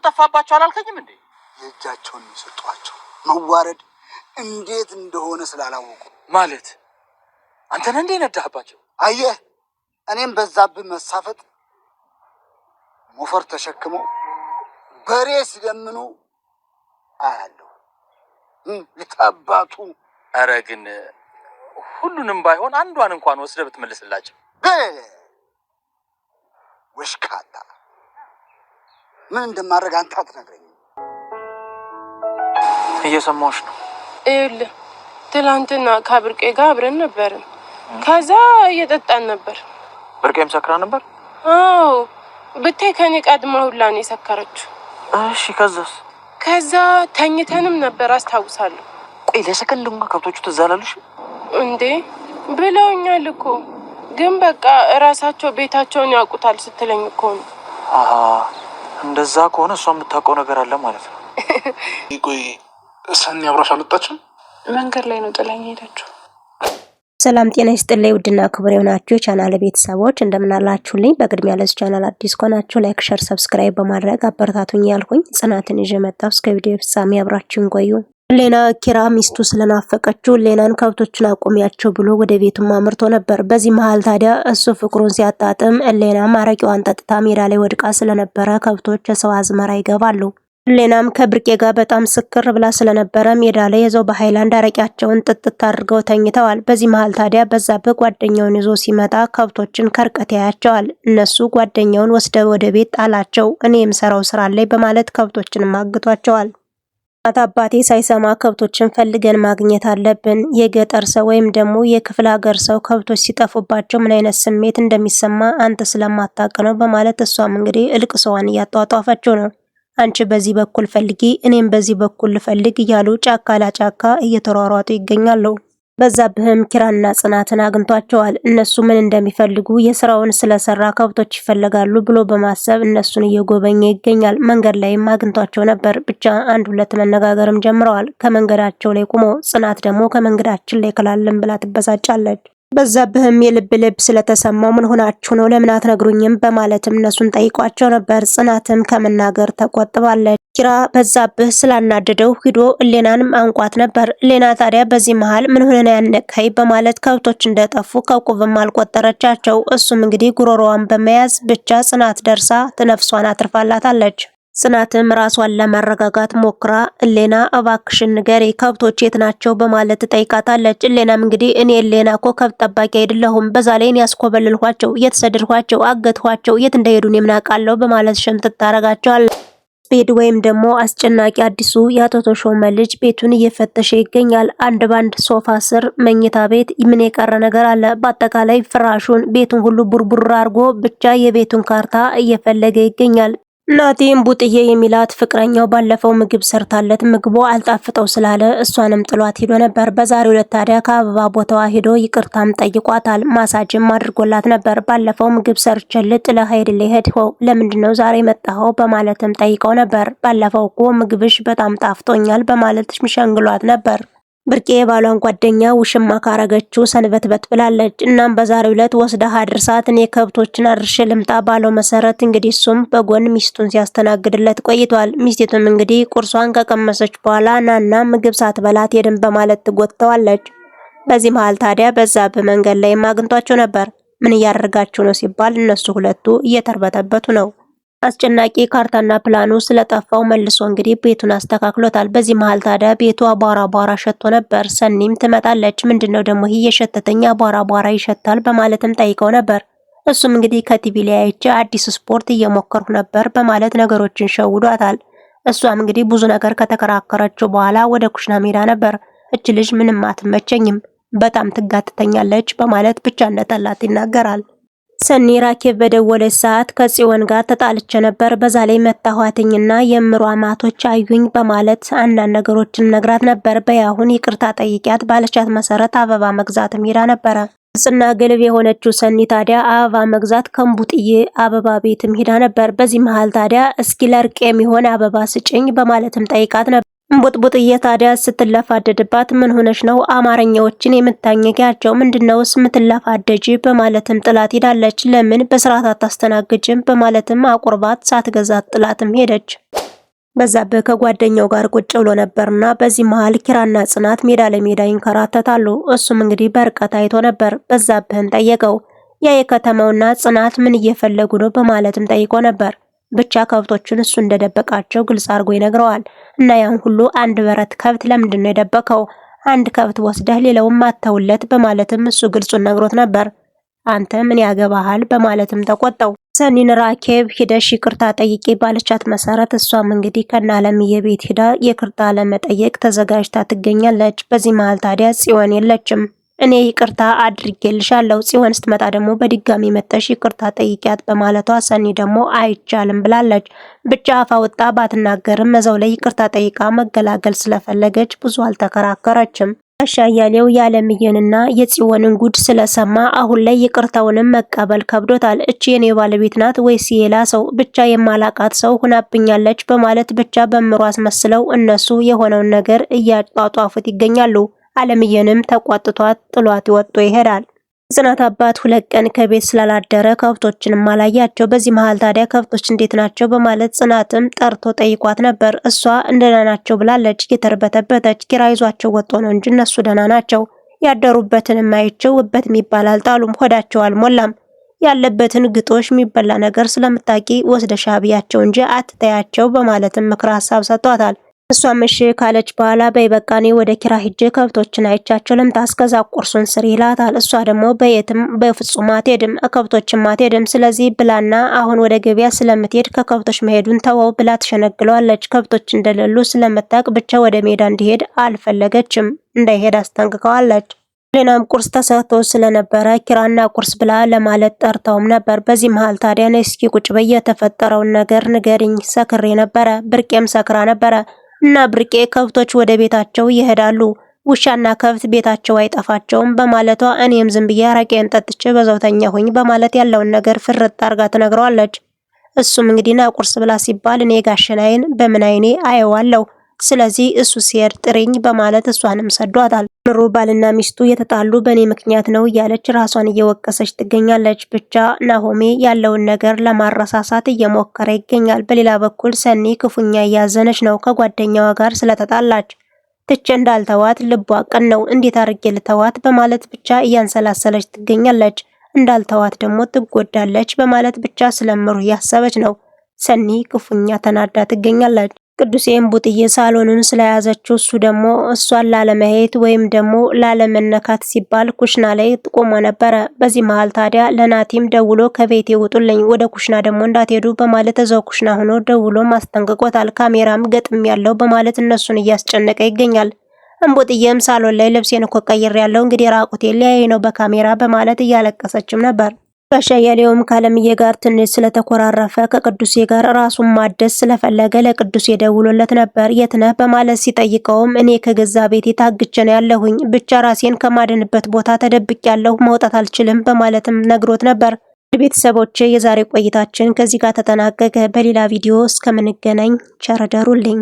እሱም ጠፋባቸው አላልከኝም እንዴ? የእጃቸውን የሰጧቸው መዋረድ እንዴት እንደሆነ ስላላወቁ ማለት አንተን እንዴ ነዳህባቸው። አየህ፣ እኔም በዛብህ መሳፈጥ ሞፈር ተሸክመው በሬ ሲለምኑ አያለሁ። ልታባቱ ኧረ ግን ሁሉንም ባይሆን አንዷን እንኳን ወስደህ ብትመልስላቸው ወሽካታ ምን እንደማድረግ አንተ አትነግረኝ። እየሰማሁሽ ነው። ይኸውልህ ትናንትና ከብርቄ ጋር አብረን ነበርን። ከዛ እየጠጣን ነበር። ብርቄም ሰክራ ነበር። አዎ ብታይ ከኔ ቀድማ ሁላ ነው የሰከረችው። እሺ ከዛስ? ከዛ ተኝተንም ነበር አስታውሳለሁ። ቆይ ለሰከንድ እንኳ ከብቶቹ ትዝ አላሉሽ እንዴ? ብለውኛል እኮ ግን በቃ እራሳቸው ቤታቸውን ያውቁታል ስትለኝ እኮ ነው። እንደዛ ከሆነ እሷ የምታውቀው ነገር አለ ማለት ነው። ቆይ ሰኒ አብራሽ አልወጣችም? መንገድ ላይ ነው ጥላኝ ሄደችው። ሰላም ጤና ይስጥልኝ። ውድና ክቡር የሆናችሁ የቻናል ቤተሰቦች እንደምናላችሁልኝ። በቅድሚያ ለዚህ ቻናል አዲስ ከሆናችሁ ላይክ፣ ሸር፣ ሰብስክራይብ በማድረግ አበረታቱኝ ያልኩኝ ጽናትን ይዤ መጣሁ። እስከ ቪዲዮ ፍጻሜ አብራችሁን ቆዩ። ሌና ኪራ ሚስቱ ስለናፈቀችው ሌናን ከብቶችን አቁሚያቸው ብሎ ወደ ቤቱም አምርቶ ነበር። በዚህ መሀል ታዲያ እሱ ፍቅሩን ሲያጣጥም ሌና ማረቂዋን ጠጥታ ሜዳ ላይ ወድቃ ስለነበረ ከብቶች የሰው አዝመራ ይገባሉ። ሌናም ከብርቄ ጋር በጣም ስክር ብላ ስለነበረ ሜዳ ላይ የዘው በሃይላንድ አረቂያቸውን ጥጥት አድርገው ተኝተዋል። በዚህ መሀል ታዲያ በዛብህ ጓደኛውን ይዞ ሲመጣ ከብቶችን ከርቀት ያያቸዋል። እነሱ ጓደኛውን ወስደ ወደ ቤት ጣላቸው። እኔ የምሰራው ስራ ላይ በማለት ከብቶችንም አግቷቸዋል። እናት አባቴ ሳይሰማ ከብቶችን ፈልገን ማግኘት አለብን። የገጠር ሰው ወይም ደግሞ የክፍለ ሀገር ሰው ከብቶች ሲጠፉባቸው ምን አይነት ስሜት እንደሚሰማ አንተ ስለማታውቅ ነው በማለት እሷም እንግዲህ እልቅሰዋን እያጧጧፈችው ነው። አንቺ በዚህ በኩል ፈልጊ፣ እኔም በዚህ በኩል ልፈልግ እያሉ ጫካ ላጫካ እየተሯሯጡ ይገኛሉ። በዛብህም ኪራና ጽናትን አግኝቷቸዋል። እነሱ ምን እንደሚፈልጉ የስራውን ስለሰራ ከብቶች ይፈለጋሉ ብሎ በማሰብ እነሱን እየጎበኘ ይገኛል። መንገድ ላይም አግኝቷቸው ነበር። ብቻ አንድ ሁለት መነጋገርም ጀምረዋል። ከመንገዳቸው ላይ ቁሞ ጽናት ደግሞ ከመንገዳችን ላይ ክላለን ብላ ትበሳጫለች። በዛብህም የልብ ልብ ስለተሰማው ምን ሆናችሁ ነው ለምን አትነግሩኝም? በማለትም እነሱን ጠይቋቸው ነበር። ጽናትም ከመናገር ተቆጥባለች። ኪራ በዛብህ ስላናደደው ሂዶ ሌናን አንቋት ነበር። ሌና ታዲያ በዚህ መሃል ምን ሆነና ያነካይ በማለት ከብቶች እንደጠፉ ከቁብም አልቆጠረቻቸው። እሱም እንግዲህ ጉሮሮዋን በመያዝ ብቻ ጽናት ደርሳ ትነፍሷን አትርፋላታለች። ጽናትም ራሷን ለማረጋጋት ሞክራ እሌና እባክሽን ንገሪ ከብቶች የት ናቸው በማለት ጠይቃታለች። እሌናም እንግዲህ እኔ እሌና እኮ ከብት ጠባቂ አይደለሁም፣ በዛ ላይ እኔ ያስኮበልልኋቸው፣ እየተሰደድኋቸው፣ አገትኋቸው፣ የት እንደሄዱን እኔ በማለት ሸምጥት ታረጋቸዋለች። ስፔድ ወይም ደግሞ አስጨናቂ አዲሱ የአቶ ተሾመ ልጅ ቤቱን እየፈተሸ ይገኛል። አንድ ባንድ ሶፋ ስር መኝታ ቤት ምን የቀረ ነገር አለ? በአጠቃላይ ፍራሹን ቤቱን ሁሉ ቡርቡር አድርጎ ብቻ የቤቱን ካርታ እየፈለገ ይገኛል። ናቲም ቡጥዬ የሚላት ፍቅረኛው ባለፈው ምግብ ሰርታለት ምግቡ አልጣፍጠው ስላለ እሷንም ጥሏት ሂዶ ነበር። በዛሬው ዕለት ታዲያ ከአበባ ቦታዋ ሂዶ ይቅርታም ጠይቋታል። ማሳጅም አድርጎላት ነበር። ባለፈው ምግብ ሰርችልት ጥለህ ሄድል ሄድኸው ለምንድን ነው ዛሬ መጣኸው በማለትም ጠይቀው ነበር። ባለፈው እኮ ምግብሽ በጣም ጣፍጦኛል በማለት ሸንግሏት ነበር። ብርቄ የባሏን ጓደኛ ውሽማ ካረገችው ሰንበትበት ብላለች። እናም በዛሬው ዕለት ወስዳ አድርሳት እኔ ከብቶችን አድርሼ ልምጣ ባለው መሰረት እንግዲህ እሱም በጎን ሚስቱን ሲያስተናግድለት ቆይቷል። ሚስቲቱም እንግዲህ ቁርሷን ከቀመሰች በኋላ ናና ምግብ ሳትበላት ሄድን በማለት ትጎትተዋለች። በዚህ መሀል ታዲያ በዛ መንገድ ላይ አግኝቷቸው ነበር። ምን እያደረጋችሁ ነው ሲባል እነሱ ሁለቱ እየተርበተበቱ ነው። አስጨናቂ ካርታና ፕላኑ ስለጠፋው መልሶ እንግዲህ ቤቱን አስተካክሎታል። በዚህ መሀል ታዲያ ቤቱ አቧራ አቧራ ሸቶ ነበር። ሰኒም ትመጣለች። ምንድነው ደግሞ ይህ የሸተተኝ አቧራ አቧራ ይሸታል በማለትም ጠይቀው ነበር። እሱም እንግዲህ ከቲቪ ላይ አይቼ አዲስ ስፖርት እየሞከርሁ ነበር በማለት ነገሮችን ሸውዷታል። እሷም እንግዲህ ብዙ ነገር ከተከራከረችው በኋላ ወደ ኩሽና ሜዳ ነበር። እች ልጅ ምንም አትመቸኝም፣ በጣም ትጋትተኛለች በማለት ብቻ እንደጠላት ይናገራል። ሰኒ ራኬብ በደወለች ሰዓት ከጽዮን ጋር ተጣልቼ ነበር፣ በዛ ላይ መታኋትኝና የምሯ አማቶች አዩኝ በማለት አንዳንድ ነገሮችን ነግራት ነበር። በያሁን ይቅርታ ጠይቂያት ባለቻት መሰረት አበባ መግዛትም ሄዳ ነበረ። ጽና ግልብ የሆነችው ሰኒ ታዲያ አበባ መግዛት ከምቡጥዬ አበባ ቤትም ሄዳ ነበር። በዚህ መሃል ታዲያ እስኪ ለርቅ የሚሆን አበባ ስጭኝ በማለትም ጠይቃት ነበር። ቡጥቡጥዬ ታዲያ ስትለፋደድባት ምን ሆነሽ ነው አማርኛዎችን የምታኘጊያቸው ምንድነውስ የምትለፋደጅ በማለትም ጥላት ሄዳለች። ለምን በስርዓት አታስተናግጅም በማለትም አቁርባት ሳትገዛት ጥላትም ሄደች። በዛብህ ከጓደኛው ጋር ቁጭ ብሎ ነበርና በዚህ መሀል ኪራና ጽናት ሜዳ ለሜዳ ይንከራተታሉ። እሱም እንግዲህ በርቀት አይቶ ነበር። በዛብህን ጠየቀው። ያ የከተማውና ጽናት ምን እየፈለጉ ነው በማለትም ጠይቆ ነበር። ብቻ ከብቶቹን እሱ እንደደበቃቸው ግልጽ አድርጎ ይነግረዋል። እና ያን ሁሉ አንድ በረት ከብት ለምንድን ነው የደበቀው? አንድ ከብት ወስደህ ሌላውም አተውለት በማለትም እሱ ግልጹን ነግሮት ነበር። አንተ ምን ያገባሃል በማለትም ተቆጣው። ሰኒን ራኬብ ሂደሽ ይቅርታ ጠይቂ ባለቻት መሰረት እሷም እንግዲህ ከነ አለምዬ ቤት ሂዳ ይቅርታ ለመጠየቅ ተዘጋጅታ ትገኛለች። በዚህ መሀል ታዲያ ጽዮን የለችም። እኔ ይቅርታ አድርጌልሻለሁ፣ ጽዮን ስትመጣ ደግሞ በድጋሚ መጠሽ ይቅርታ ጠይቂያት በማለቷ ሰኒ ደግሞ አይቻልም ብላለች። ብቻ አፋ ወጣ ባትናገርም እዛው ላይ ይቅርታ ጠይቃ መገላገል ስለፈለገች ብዙ አልተከራከረችም። አሻያሌው አያሌው የአለምዬንና የጽዮንን ጉድ ስለሰማ አሁን ላይ ይቅርታውንም መቀበል ከብዶታል። እቺ የኔ ባለቤት ናት ወይስ ሌላ ሰው ብቻ የማላቃት ሰው ሁናብኛለች በማለት ብቻ በምሮ አስመስለው እነሱ የሆነውን ነገር እያጧጧፉት ይገኛሉ። አለምየንም ተቋጥቷት ጥሏት ወጥቶ ይሄዳል። ጽናት አባት ሁለት ቀን ከቤት ስላላደረ ከብቶችንም አላያቸው። በዚህ መሃል ታዲያ ከብቶች እንዴት ናቸው በማለት ጽናትም ጠርቶ ጠይቋት ነበር። እሷ እንደና ናቸው ብላለች። የተርበተበተች ኪራ ይዟቸው ወጦ ነው እንጂ እነሱ ደህና ናቸው። ያደሩበትንም የማይቸው ውበት የሚባል አልጣሉም፣ ሆዳቸው አልሞላም። ያለበትን ግጦሽ የሚበላ ነገር ስለምታቂ ወስደሻ ብያቸው እንጂ አትተያቸው በማለትም ምክረ ሀሳብ ሰጥቷታል። እሷም እሺ ካለች በኋላ በይ በቃ እኔ ወደ ኪራ ሂጄ ከብቶችን አይቻቸው ልምጣ፣ እስከዛ ቁርሱን ስር ይላታል። እሷ ደግሞ በየትም በፍጹም አትሄድም፣ ከብቶችም አትሄድም፣ ስለዚህ ብላና አሁን ወደ ገበያ ስለምትሄድ ከከብቶች መሄዱን ተወው ብላ ትሸነግለዋለች። ከብቶች እንደሌሉ ስለምታውቅ ብቻ ወደ ሜዳ እንዲሄድ አልፈለገችም፣ እንዳይሄድ አስጠንቅቀዋለች። ሌናም ቁርስ ተሰጥቶ ስለነበረ ኪራና ቁርስ ብላ ለማለት ጠርተውም ነበር። በዚህ መሀል ታዲያ እስኪ ቁጭ በይ የተፈጠረውን ነገር ንገሪኝ፣ ሰክሬ ነበረ፣ ብርቄም ሰክራ ነበረ እና ብርቄ ከብቶች ወደ ቤታቸው ይሄዳሉ። ውሻና ከብት ቤታቸው አይጠፋቸውም በማለቷ እኔም ዝም ብዬ አረቄን ጠጥቼ በዘውተኛ ተኛሁኝ በማለት ያለውን ነገር ፍርጥ አርጋ ትነግረዋለች። እሱም እንግዲህ ና ቁርስ ብላ ሲባል እኔ ጋሽናዬን በምን አይኔ አየዋለሁ። ስለዚህ እሱ ሲሄድ ጥሪኝ በማለት እሷንም ሰዷታል። ወይዘሮ ባልና ሚስቱ የተጣሉ በእኔ ምክንያት ነው እያለች ራሷን እየወቀሰች ትገኛለች። ብቻ ናሆሜ ያለውን ነገር ለማረሳሳት እየሞከረ ይገኛል። በሌላ በኩል ሰኒ ክፉኛ እያዘነች ነው ከጓደኛዋ ጋር ስለተጣላች። ትቼ እንዳልተዋት ልቧ ቅን ነው፣ እንዴት አድርጌ ልተዋት በማለት ብቻ እያንሰላሰለች ትገኛለች። እንዳልተዋት ደግሞ ትጎዳለች በማለት ብቻ ስለምሩ እያሰበች ነው። ሰኒ ክፉኛ ተናዳ ትገኛለች። ቅዱሴን ቡጥዬ ሳሎኑን ስለያዘችው እሱ ደግሞ እሷን ላለመሄድ ወይም ደግሞ ላለመነካት ሲባል ኩሽና ላይ ቆሞ ነበረ። በዚህ መሀል ታዲያ ለናቲም ደውሎ ከቤቴ ውጡልኝ፣ ወደ ኩሽና ደግሞ እንዳትሄዱ በማለት እዛው ኩሽና ሆኖ ደውሎ ማስጠንቅቆታል። ካሜራም ገጥም ያለው በማለት እነሱን እያስጨነቀ ይገኛል። እንቡጥዬም ሳሎን ላይ ልብሴን እኮ ቀይሬ ያለው እንግዲህ ራቁቴ ሊያይ ነው በካሜራ በማለት እያለቀሰችም ነበር። ጋሽ አያሌውም ጋር ትንሽ ስለተኮራረፈ ከቅዱሴ ጋር ራሱን ማደስ ስለፈለገ ለቅዱሴ ደውሎለት ነበር። የት ነህ በማለት ሲጠይቀውም እኔ ከገዛ ቤቴ ታግቼ ነው ያለሁኝ፣ ብቻ ራሴን ከማድንበት ቦታ ተደብቅ ያለሁ መውጣት አልችልም በማለትም ነግሮት ነበር። ቤተሰቦች የዛሬ ቆይታችን ከዚህ ጋር ተጠናቀቀ። በሌላ ቪዲዮ እስከምንገናኝ ቸር ደሩልኝ።